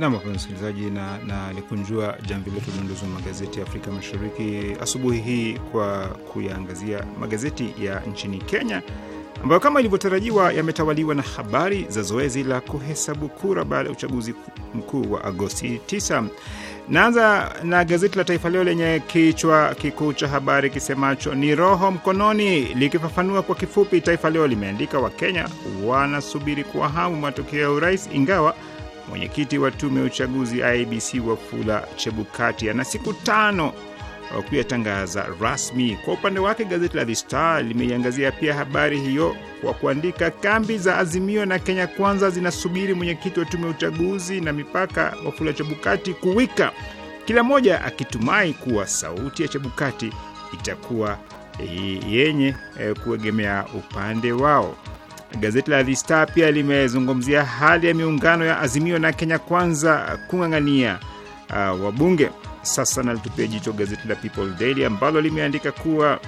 Speaker 1: Nam, wapenzi msikilizaji, na nalikunjua jamvi letu dunduzi wa magazeti ya Afrika Mashariki asubuhi hii kwa kuyaangazia magazeti ya nchini Kenya ambayo kama ilivyotarajiwa yametawaliwa na habari za zoezi la kuhesabu kura baada ya uchaguzi mkuu wa Agosti 9. Naanza na gazeti la Taifa Leo lenye kichwa kikuu cha habari kisemacho ni roho mkononi. Likifafanua kwa kifupi, Taifa Leo limeandika Wakenya wanasubiri kwa hamu matokeo ya urais, ingawa Mwenyekiti wa tume ya uchaguzi IBC e Wafula Chebukati ana siku tano uh, kuyatangaza rasmi. Kwa upande wake, gazeti la The Star limeiangazia pia habari hiyo kwa kuandika, kambi za Azimio na Kenya Kwanza zinasubiri mwenyekiti wa tume ya uchaguzi na mipaka Wafula Chebukati kuwika, kila mmoja akitumai kuwa sauti ya Chebukati itakuwa eh, yenye eh, kuegemea upande wao. Gazeti la The Star pia limezungumzia hali ya miungano ya Azimio na Kenya Kwanza kung'ang'ania uh, wabunge. Sasa nalitupia jicho gazeti la People Daily ambalo limeandika kuwa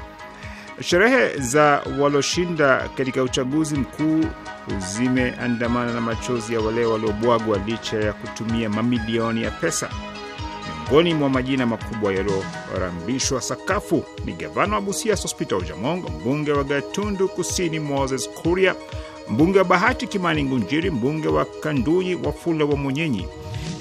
Speaker 1: sherehe za waloshinda katika uchaguzi mkuu zimeandamana na machozi ya wale waliobwagwa licha ya kutumia mamilioni ya pesa miongoni mwa majina makubwa yaliyorambishwa sakafu ni gavana wa Busia Sospita Ojamong, mbunge wa Gatundu Kusini Moses Kuria, mbunge wa Bahati Kimani Ngunjiri, mbunge wa Kanduyi Wafula wa Munyenyi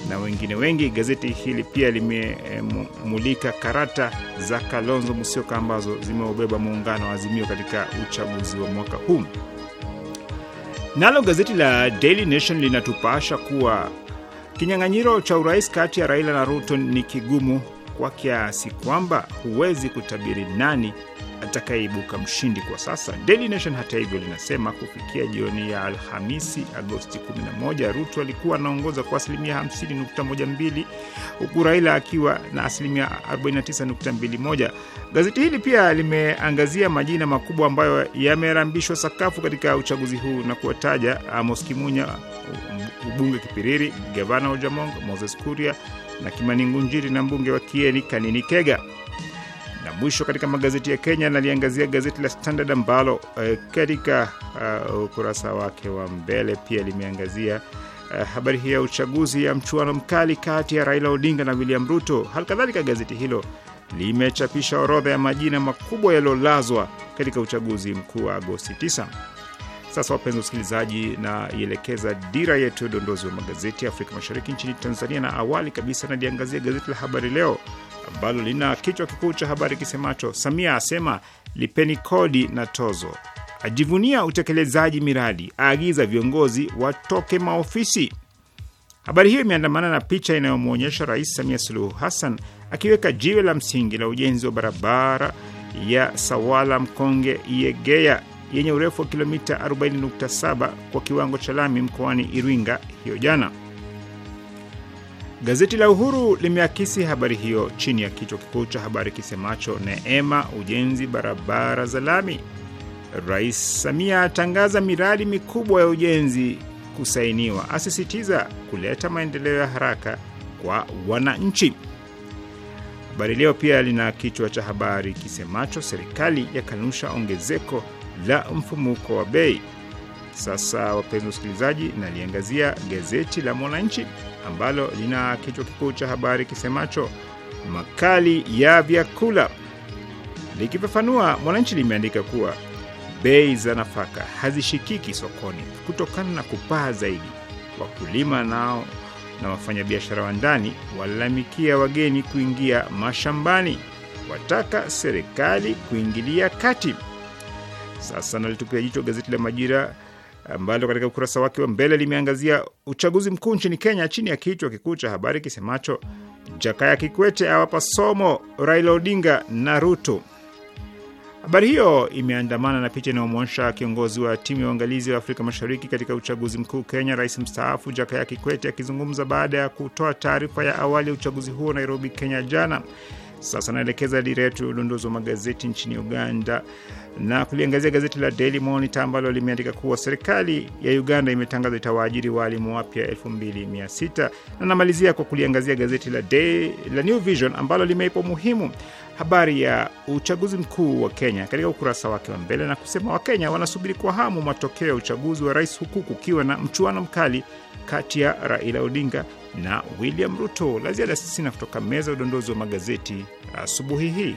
Speaker 1: na wengine wengi. Gazeti hili pia limemulika karata za Kalonzo Musyoka ambazo zimeubeba muungano wa Azimio katika uchaguzi wa mwaka huu. Nalo gazeti la Daily Nation linatupasha kuwa Kinyang'anyiro cha urais kati ya Raila na Ruto ni kigumu kwa kiasi kwamba huwezi kutabiri nani atakayeibuka mshindi kwa sasa. Daily Nation hata hivyo linasema kufikia jioni ya Alhamisi Agosti 11, Ruto alikuwa anaongoza kwa asilimia 50.12 huku Raila akiwa na asilimia 49.21. Gazeti hili pia limeangazia majina makubwa ambayo yamerambishwa sakafu katika uchaguzi huu na kuwataja Amos Kimunya, ubunge Kipiriri, gavana Ojamongo, Moses Kuria na Kimani Ngunjiri na mbunge wa Kieni Kanini Kega. Na mwisho katika magazeti ya Kenya, naliangazia gazeti la Standard ambalo uh, katika uh, ukurasa wake wa mbele pia limeangazia uh, habari hii ya uchaguzi ya mchuano mkali kati ya Raila Odinga na William Ruto. Halikadhalika, gazeti hilo limechapisha orodha ya majina makubwa yaliyolazwa katika uchaguzi mkuu wa Agosti 9. Sasa wapenzi wasikilizaji, na ielekeza dira yetu ya udondozi wa magazeti ya Afrika Mashariki nchini Tanzania, na awali kabisa naliangazia gazeti la Habari Leo ambalo lina kichwa kikuu cha habari kisemacho Samia asema lipeni kodi na tozo, ajivunia utekelezaji miradi, aagiza viongozi watoke maofisi. Habari hiyo imeandamana na picha inayomwonyesha Rais Samia Suluhu Hassan akiweka jiwe la msingi la ujenzi wa barabara ya Sawala Mkonge yegea yenye urefu wa kilomita 40.7 kwa kiwango cha lami mkoani Iringa hiyo jana. Gazeti la Uhuru limeakisi habari hiyo chini ya kichwa kikuu cha habari kisemacho neema ujenzi barabara za lami. Rais Samia atangaza miradi mikubwa ya ujenzi kusainiwa, asisitiza kuleta maendeleo ya haraka kwa wananchi. Habari Leo pia lina kichwa cha habari kisemacho serikali yakanusha ongezeko la mfumuko wa bei. Sasa wapenzi wasikilizaji, naliangazia gazeti la Mwananchi ambalo lina kichwa kikuu cha habari kisemacho makali ya vyakula. Likifafanua, Mwananchi limeandika kuwa bei za nafaka hazishikiki sokoni kutokana na kupaa zaidi. Wakulima nao na wafanyabiashara wa ndani walalamikia wageni kuingia mashambani, wataka serikali kuingilia kati. Sasa nalitupia jicho gazeti la Majira ambalo katika ukurasa wake wa mbele limeangazia uchaguzi mkuu nchini Kenya chini ya kichwa kikuu cha habari kisemacho Jakaya Kikwete awapa somo Raila Odinga na Ruto. Habari hiyo imeandamana na picha inayomwonyesha kiongozi wa timu ya uangalizi wa Afrika Mashariki katika uchaguzi mkuu Kenya, rais mstaafu Jakaya Kikwete akizungumza baada ya kutoa taarifa ya awali ya uchaguzi huo Nairobi, Kenya jana. Sasa naelekeza dira yetu ya udondozi wa magazeti nchini Uganda na kuliangazia gazeti la Daily Monitor ambalo limeandika kuwa serikali ya Uganda imetangaza itawaajiri waalimu wapya 2600 na namalizia kwa kuliangazia gazeti la, Day, la New Vision ambalo limeipa umuhimu habari ya uchaguzi mkuu wa Kenya katika ukurasa wake wa mbele na kusema Wakenya wanasubiri kwa hamu matokeo ya uchaguzi wa rais huku kukiwa na mchuano mkali kati ya Raila Odinga na William Ruto. La ziada sisina kutoka meza udondozi wa magazeti asubuhi hii.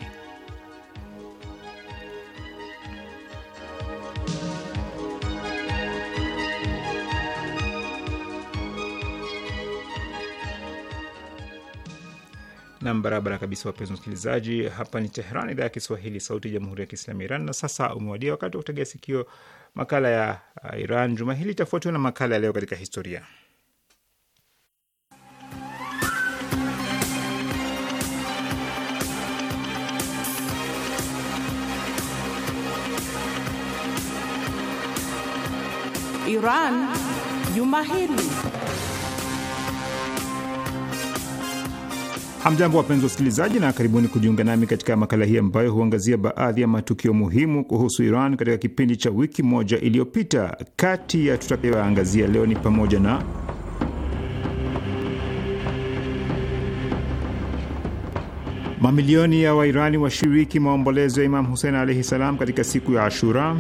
Speaker 1: na barabara kabisa, wapenzi wasikilizaji, hapa ni Teheran, idhaa ya Kiswahili, sauti ya jamhuri ya kiislamu ya Iran. Na sasa umewadia wakati wa kutegea sikio makala ya uh, Iran juma hili, itafuatiwa na makala ya leo katika historia.
Speaker 3: Iran juma hili
Speaker 1: Hamjambo, wapenzi wasikilizaji, na karibuni kujiunga nami katika makala hii ambayo huangazia baadhi ya matukio muhimu kuhusu Iran katika kipindi cha wiki moja iliyopita. Kati ya tutakayoangazia leo ni pamoja na mamilioni ya Wairani washiriki maombolezo ya Imam Husein alaihi salam katika siku ya Ashura.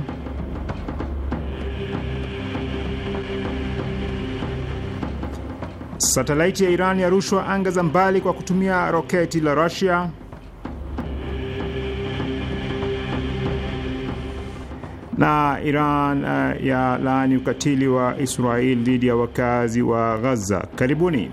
Speaker 1: satelaiti ya Iran yarushwa anga za mbali kwa kutumia roketi la Rusia, na Iran uh, ya laani ukatili wa Israel dhidi ya wakazi wa Ghaza. Karibuni.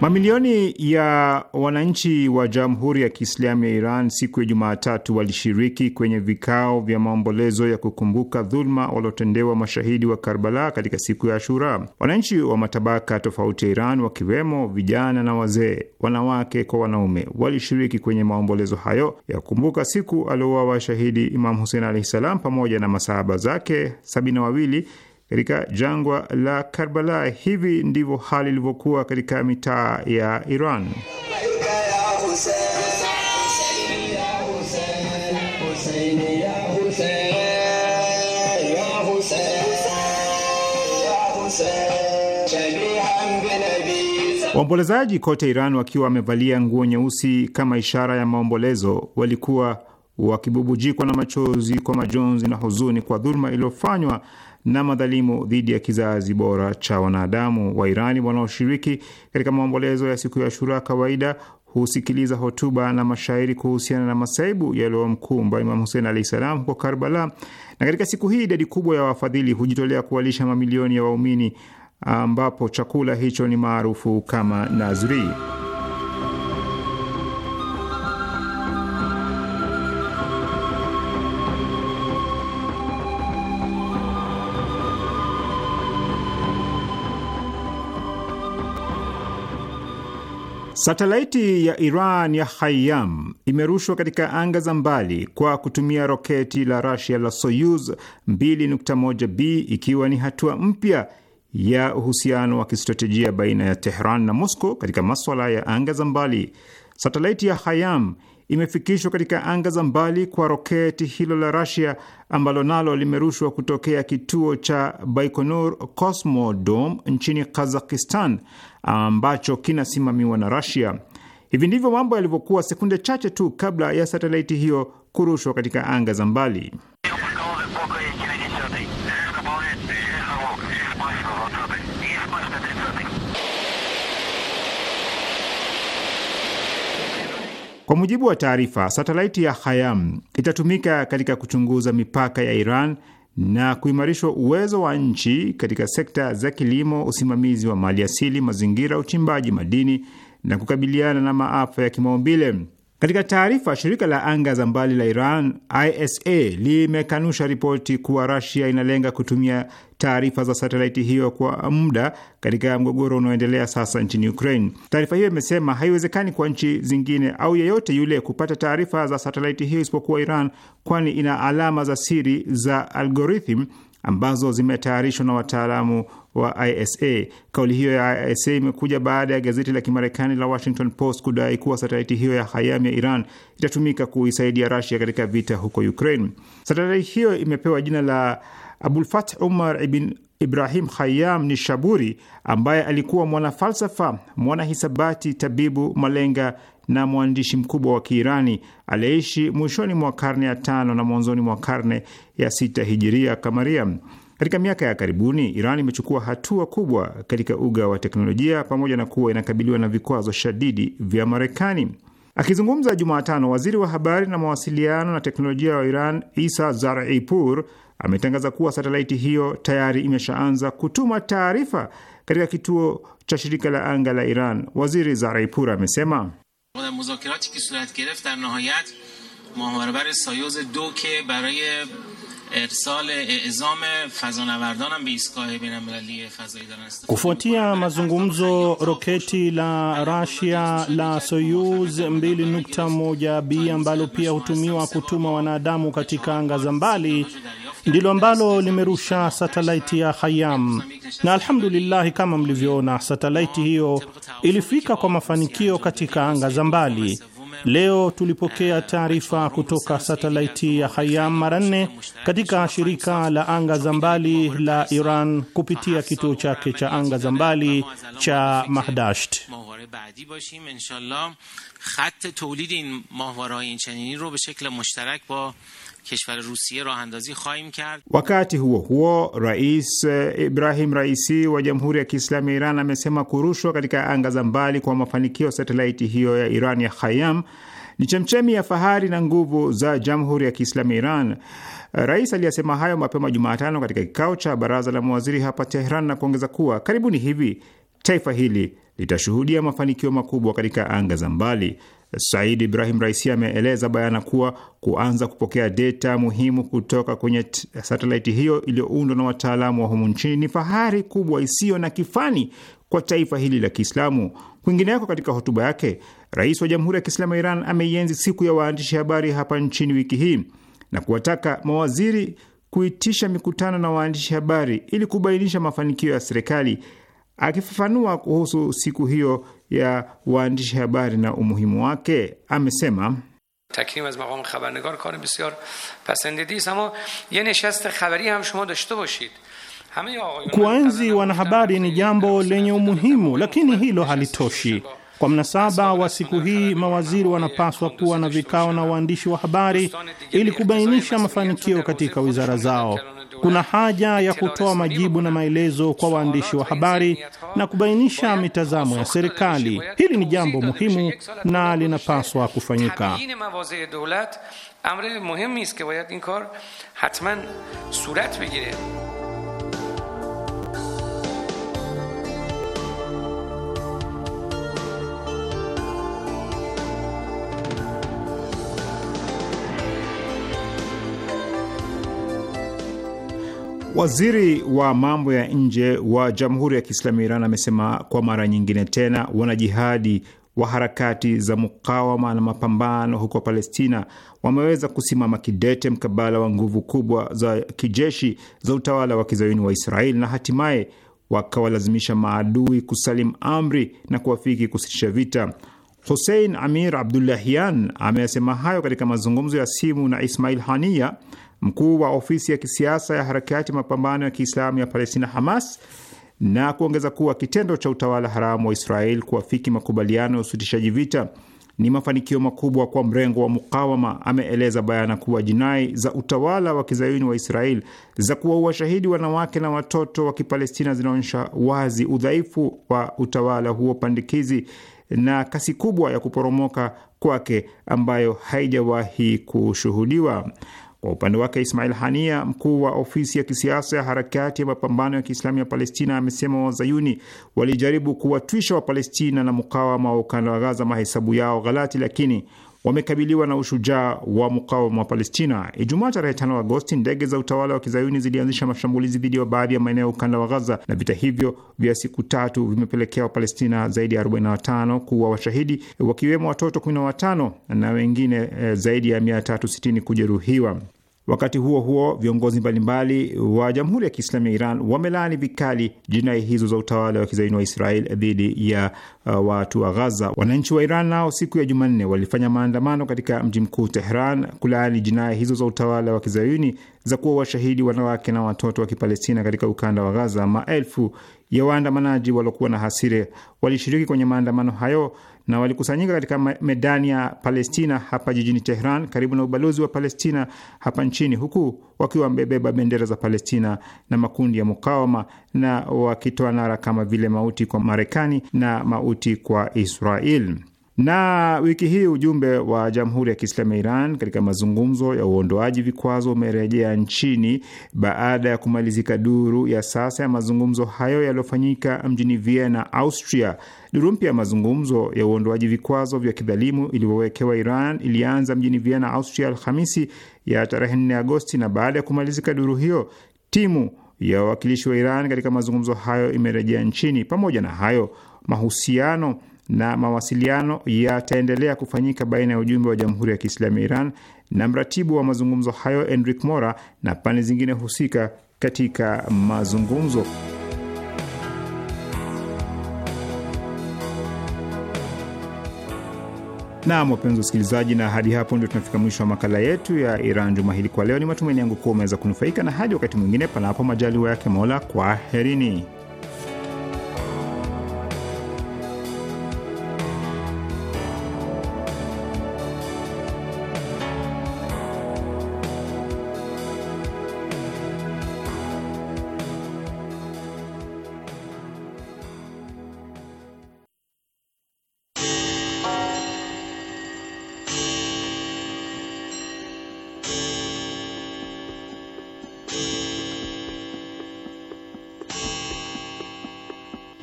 Speaker 1: Mamilioni ya wananchi wa Jamhuri ya Kiislamu ya Iran siku ya Jumatatu walishiriki kwenye vikao vya maombolezo ya kukumbuka dhuluma waliotendewa mashahidi wa Karbala katika siku ya Ashura. Wananchi wa matabaka tofauti ya Iran, wakiwemo vijana na wazee, wanawake kwa wanaume, walishiriki kwenye maombolezo hayo ya kukumbuka siku aliouawa shahidi Imam Husein alahi salam pamoja na masahaba zake sabini na wawili katika jangwa la Karbala. Hivi ndivyo hali ilivyokuwa katika mitaa ya Iran. Waombolezaji kote Iran wakiwa wamevalia nguo nyeusi kama ishara ya maombolezo, walikuwa wakibubujikwa na machozi kwa majonzi na huzuni kwa dhuluma iliyofanywa na madhalimu dhidi ya kizazi bora cha wanadamu. Wairani wanaoshiriki katika maombolezo ya siku ya Ashura kawaida husikiliza hotuba na mashairi kuhusiana na masaibu yaliyomkumba Imam Husein alahi salam huko Karbala, na katika siku hii idadi kubwa ya wafadhili hujitolea kuwalisha mamilioni ya waumini, ambapo chakula hicho ni maarufu kama nazri. Satelaiti ya Iran ya Hayam imerushwa katika anga za mbali kwa kutumia roketi la Rasia la Soyuz 2.1b ikiwa ni hatua mpya ya uhusiano wa kistratejia baina ya Tehran na Moscow katika maswala ya anga za mbali. Satelaiti ya Hayam imefikishwa katika anga za mbali kwa roketi hilo la Rasia ambalo nalo limerushwa kutokea kituo cha Baikonur cosmodom nchini Kazakistan ambacho kinasimamiwa na rasia Hivi ndivyo mambo yalivyokuwa sekunde chache tu kabla ya satelaiti hiyo kurushwa katika anga za mbali. Kwa mujibu wa taarifa, satelaiti ya Hayam itatumika katika kuchunguza mipaka ya Iran na kuimarishwa uwezo wa nchi katika sekta za kilimo, usimamizi wa mali asili, mazingira, uchimbaji madini na kukabiliana na maafa ya kimaumbile. Katika taarifa, shirika la anga za mbali la Iran ISA limekanusha ripoti kuwa Rasia inalenga kutumia taarifa za satelaiti hiyo kwa muda katika mgogoro unaoendelea sasa nchini Ukraine. Taarifa hiyo imesema haiwezekani kwa nchi zingine au yeyote yule kupata taarifa za satelaiti hiyo isipokuwa Iran, kwani ina alama za siri za algorithm ambazo zimetayarishwa na wataalamu wa ISA. Kauli hiyo ya ISA imekuja baada ya gazeti la Kimarekani la Washington Post kudai kuwa satelaiti hiyo ya Hayam ya Iran itatumika kuisaidia rasia katika vita huko Ukraine. Satelaiti hiyo imepewa jina la Abulfath Umar ibn Ibrahim ni Nishaburi ambaye alikuwa mwanafalsafa, mwanahisabati, tabibu, malenga na mwandishi mkubwa wa Kiirani aliyeishi mwishoni mwa karne ya tano na mwanzoni mwa karne ya sita hijiria kamaria. Katika miaka ya karibuni Iran imechukua hatua kubwa katika uga wa teknolojia pamoja na kuwa inakabiliwa na vikwazo shadidi vya Marekani. Akizungumza Jumatano, waziri wa habari na mawasiliano na teknolojia wa Iran Isa Zaraipur ametangaza kuwa satelaiti hiyo tayari imeshaanza kutuma taarifa katika kituo cha shirika la anga la Iran. Waziri Zaraipur amesema و در مذاکراتی که صورت گرفت در نهایت ماهوربر سایوز دو که برای ارسال اعزام فضانوردان هم به ایستگاه بین‌المللی فضایی دارن
Speaker 4: Kufuatia mazungumzo, roketi la Russia la Soyuz 2.1b ambalo pia hutumiwa kutuma wanadamu katika anga za mbali ndilo ambalo limerusha satelaiti ya Hayam, na alhamdulillahi, kama mlivyoona, satelaiti hiyo ilifika kwa mafanikio katika anga za mbali. Leo tulipokea taarifa kutoka satelaiti ya Hayam mara nne katika shirika la anga za mbali la Iran kupitia kituo chake cha anga za mbali cha Mahdasht.
Speaker 1: کشور
Speaker 5: روسیه راه اندازی خواهیم کرد.
Speaker 1: Wakati huo huo, Rais Ibrahim Raisi wa Jamhuri ya Kiislamu ya Iran amesema kurushwa katika anga za mbali kwa mafanikio satelaiti hiyo ya Iran ya Khayam ni chemchemi ya fahari na nguvu za Jamhuri ya Kiislamu Iran. Rais aliyesema hayo mapema Jumatano katika kikao cha baraza la mawaziri hapa Tehran na kuongeza kuwa karibuni hivi taifa hili litashuhudia mafanikio makubwa katika anga za mbali. Said Ibrahim Raisi ameeleza bayana kuwa kuanza kupokea data muhimu kutoka kwenye satelaiti hiyo iliyoundwa na wataalamu wa humu nchini ni fahari kubwa isiyo na kifani kwa taifa hili la Kiislamu. Kwingineko, katika hotuba yake, rais wa Jamhuri ya Kiislamu ya Iran ameienzi siku ya waandishi habari hapa nchini wiki hii na kuwataka mawaziri kuitisha mikutano na waandishi habari ili kubainisha mafanikio ya serikali. Akifafanua kuhusu siku hiyo ya waandishi habari na umuhimu wake, amesema
Speaker 2: takrim az maqam khabarnigar kar besyar pasandidi is ama ye neshast khabari ham shoma dashte boshid
Speaker 1: Kuwaenzi
Speaker 4: wanahabari ni jambo lenye umuhimu, lakini hilo halitoshi. Kwa mnasaba wa siku hii, mawaziri wanapaswa kuwa na vikao na waandishi wa habari ili kubainisha mafanikio katika wizara zao kuna haja ya kutoa majibu na maelezo kwa waandishi wa habari na kubainisha mitazamo ya serikali. Hili ni jambo muhimu na linapaswa kufanyika.
Speaker 1: Waziri wa mambo ya nje wa Jamhuri ya Kiislamu ya Iran amesema kwa mara nyingine tena wanajihadi wa harakati za mukawama na mapambano huko Palestina wameweza kusimama kidete mkabala wa nguvu kubwa za kijeshi za utawala wa kizayuni wa Israeli na hatimaye wakawalazimisha maadui kusalim amri na kuwafiki kusitisha vita. Hussein Amir Abdullahian ameyasema hayo katika mazungumzo ya simu na Ismail Hania, mkuu wa ofisi ya kisiasa ya harakati mapambano ya Kiislamu ya Palestina, Hamas, na kuongeza kuwa kitendo cha utawala haramu wa Israel kuafiki makubaliano ya usitishaji vita ni mafanikio makubwa kwa mrengo wa mukawama. Ameeleza bayana kuwa jinai za utawala wa kizayuni wa Israel za kuwaua shahidi wanawake na watoto wa Kipalestina zinaonyesha wazi udhaifu wa utawala huo pandikizi na kasi kubwa ya kuporomoka kwake ambayo haijawahi kushuhudiwa. Kwa upande wake Ismail Hania, mkuu wa ofisi ya kisiasa ya harakati ya mapambano ya Kiislamu ya Palestina, amesema wazayuni walijaribu kuwatwisha Wapalestina na mukawama wa ukanda wa Gaza mahesabu yao ghalati, lakini wamekabiliwa na ushujaa wa mukawama wa Palestina. Ijumaa tarehe 5 Agosti, ndege za utawala wa kizayuni zilianzisha mashambulizi dhidi ya baadhi ya maeneo ya ukanda wa Gaza, na vita hivyo vya siku tatu vimepelekea Wapalestina zaidi ya 45 kuwa washahidi, wakiwemo watoto 15 na wengine eh, zaidi ya 360 kujeruhiwa. Wakati huo huo, viongozi mbalimbali wa Jamhuri ya Kiislamu ya Iran wamelaani vikali jinai hizo za utawala wa kizaini wa Israel dhidi ya uh, watu wa Ghaza. Wananchi wa Iran nao siku ya Jumanne walifanya maandamano katika mji mkuu Tehran kulaani jinai hizo za utawala wa kizaini za kuwa washahidi wanawake na watoto wa Kipalestina katika ukanda wa Ghaza. Maelfu ya waandamanaji waliokuwa na hasira walishiriki kwenye maandamano hayo na walikusanyika katika medani ya Palestina hapa jijini Tehran, karibu na ubalozi wa Palestina hapa nchini, huku wakiwa wamebeba bendera za Palestina na makundi ya mukawama na wakitoa nara kama vile mauti kwa Marekani na mauti kwa Israel. Na wiki hii ujumbe wa Jamhuri ya Kiislamu ya Iran katika mazungumzo ya uondoaji vikwazo umerejea nchini baada ya kumalizika duru ya sasa ya mazungumzo hayo yaliyofanyika mjini Vienna, Austria. Duru mpya ya mazungumzo ya uondoaji vikwazo vya kidhalimu ilivyowekewa Iran ilianza mjini Vienna, Austria, Alhamisi ya tarehe 4 Agosti, na baada ya kumalizika duru hiyo timu ya wawakilishi wa Iran katika mazungumzo hayo imerejea nchini. Pamoja na hayo mahusiano na mawasiliano yataendelea kufanyika baina ya ujumbe wa Jamhuri ya Kiislamu ya Iran na mratibu wa mazungumzo hayo Enrique Mora na pande zingine husika katika mazungumzo. Naam, wapenzi wasikilizaji, na hadi hapo ndio tunafika mwisho wa makala yetu ya Iran juma hili kwa leo. Ni matumaini yangu kuwa umeweza kunufaika, na hadi wakati mwingine, panapo majaliwa yake Mola, kwa herini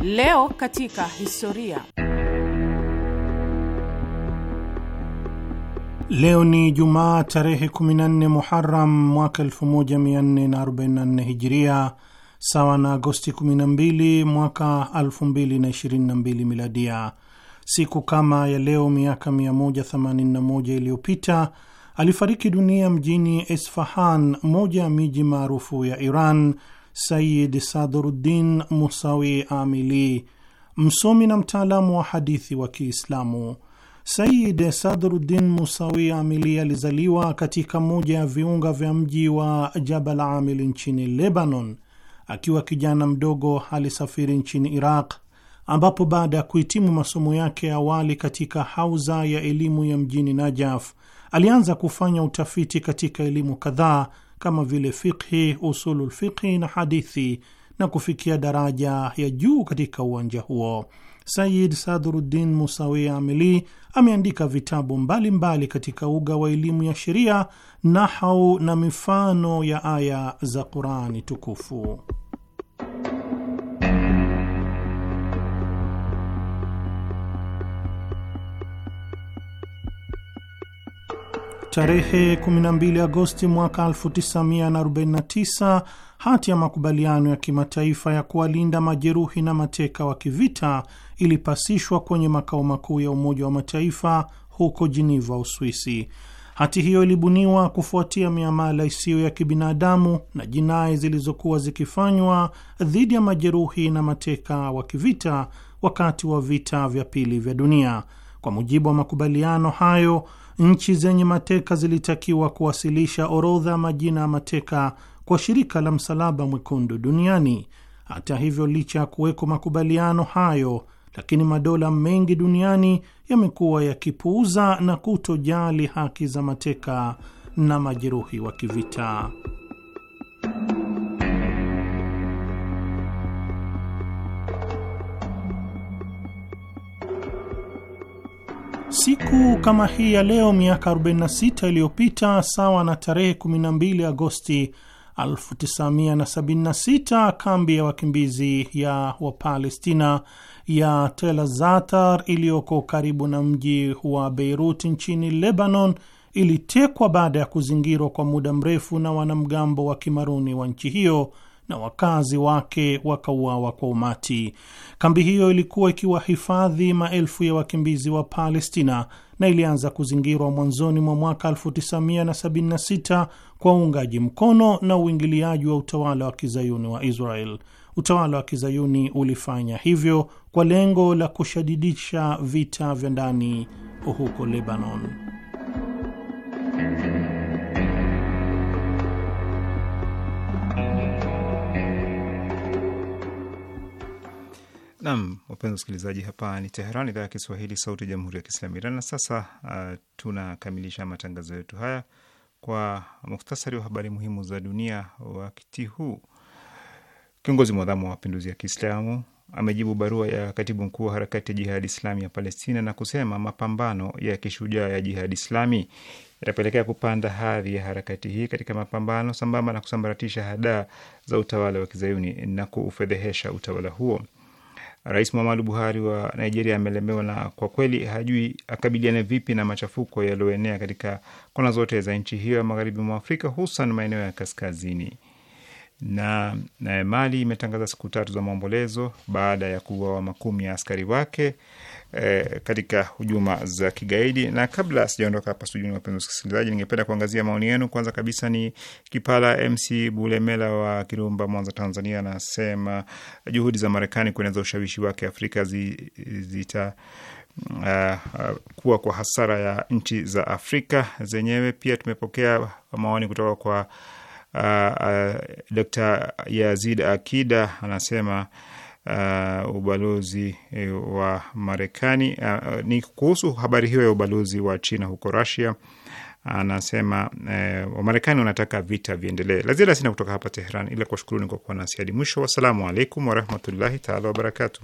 Speaker 3: Leo katika historia.
Speaker 4: Leo ni Jumaa tarehe 14 Muharam mwaka 1444 Hijiria, sawa na Agosti 12 mwaka 2022 Miladia. Siku kama ya leo miaka 181 iliyopita alifariki dunia mjini Esfahan, moja ya miji maarufu ya Iran Sayid Sadruddin Musawi Amili, msomi na mtaalamu wa hadithi wa Kiislamu. Sayid Sadruddin Musawi Amili alizaliwa katika moja ya viunga vya mji wa Jabal Amili nchini Lebanon. Akiwa kijana mdogo alisafiri nchini Iraq ambapo baada ya kuhitimu masomo yake awali katika hauza ya elimu ya mjini Najaf alianza kufanya utafiti katika elimu kadhaa kama vile fiqhi, usulul fiqhi na hadithi na kufikia daraja ya juu katika uwanja huo. Sayid Sadhuruddin Musawi Amili ameandika vitabu mbalimbali mbali katika uga wa elimu ya sheria, nahau na mifano ya aya za Qurani tukufu. Tarehe 12 Agosti mwaka 1949 hati ya makubaliano ya kimataifa ya kuwalinda majeruhi na mateka wa kivita ilipasishwa kwenye makao makuu ya Umoja wa Mataifa huko Jiniva, Uswisi. Hati hiyo ilibuniwa kufuatia miamala isiyo ya kibinadamu na jinai zilizokuwa zikifanywa dhidi ya majeruhi na mateka wa kivita wakati wa vita vya pili vya dunia. Kwa mujibu wa makubaliano hayo, nchi zenye mateka zilitakiwa kuwasilisha orodha ya majina ya mateka kwa shirika la Msalaba Mwekundu duniani. Hata hivyo, licha ya kuweko makubaliano hayo, lakini madola mengi duniani yamekuwa yakipuuza na kutojali haki za mateka na majeruhi wa kivita. Siku kama hii ya leo miaka 46 iliyopita, sawa na tarehe 12 Agosti 1976, kambi ya wakimbizi ya Wapalestina ya Tel Azatar iliyoko karibu na mji wa Beirut nchini Lebanon ilitekwa baada ya kuzingirwa kwa muda mrefu na wanamgambo wa kimaruni wa nchi hiyo na wakazi wake wakauawa kwa umati. Kambi hiyo ilikuwa ikiwahifadhi maelfu ya wakimbizi wa Palestina na ilianza kuzingirwa mwanzoni mwa mwaka 1976 kwa uungaji mkono na uingiliaji wa utawala wa kizayuni wa Israel. Utawala wa kizayuni ulifanya hivyo kwa lengo la kushadidisha vita vya ndani huko Lebanon.
Speaker 1: Nam, wapenzi wasikilizaji, hapa ni Teheran, idhaa ya Kiswahili, sauti ya jamhuri ya kiislamu Iran. Na sasa uh, tunakamilisha matangazo yetu haya kwa muhtasari wa habari muhimu za dunia wakati huu. Kiongozi mwadhamu wa mapinduzi ya Kiislamu amejibu barua ya katibu mkuu wa harakati ya Jihadi Islami ya Palestina na kusema mapambano ya kishujaa ya Jihadi Islami yatapelekea kupanda hadhi ya harakati hii katika mapambano sambamba na kusambaratisha hadaa za utawala wa kizayuni na kuufedhehesha utawala huo. Rais Muhammadu Buhari wa Nigeria amelemewa na kwa kweli hajui akabiliane vipi na machafuko yaliyoenea katika kona zote za nchi hiyo ya magharibi mwa Afrika, hususan maeneo ya kaskazini na, na Mali imetangaza siku tatu za maombolezo baada ya kuuawa makumi ya askari wake e, katika hujuma za kigaidi. Na kabla sijaondoka hapa studioni, wapenzi wasikilizaji, ningependa kuangazia maoni yenu. Kwanza kabisa ni Kipala MC Bulemela wa Kirumba, Mwanza, Tanzania, anasema juhudi za Marekani kueneza ushawishi wake Afrika zita Uh, kuwa kwa hasara ya nchi za Afrika zenyewe. Pia tumepokea maoni kutoka kwa uh, uh, Dr. Yazid Akida anasema uh, ubalozi eh, wa Marekani uh, ni kuhusu habari hiyo ya ubalozi wa China huko Russia anasema eh, Wamarekani wanataka vita viendelee. La ziada sina kutoka hapa Teheran, ila kuwashukuruni kwa kuwa nasi hadi mwisho. Wassalamu alaikum warahmatullahi taala wabarakatuh.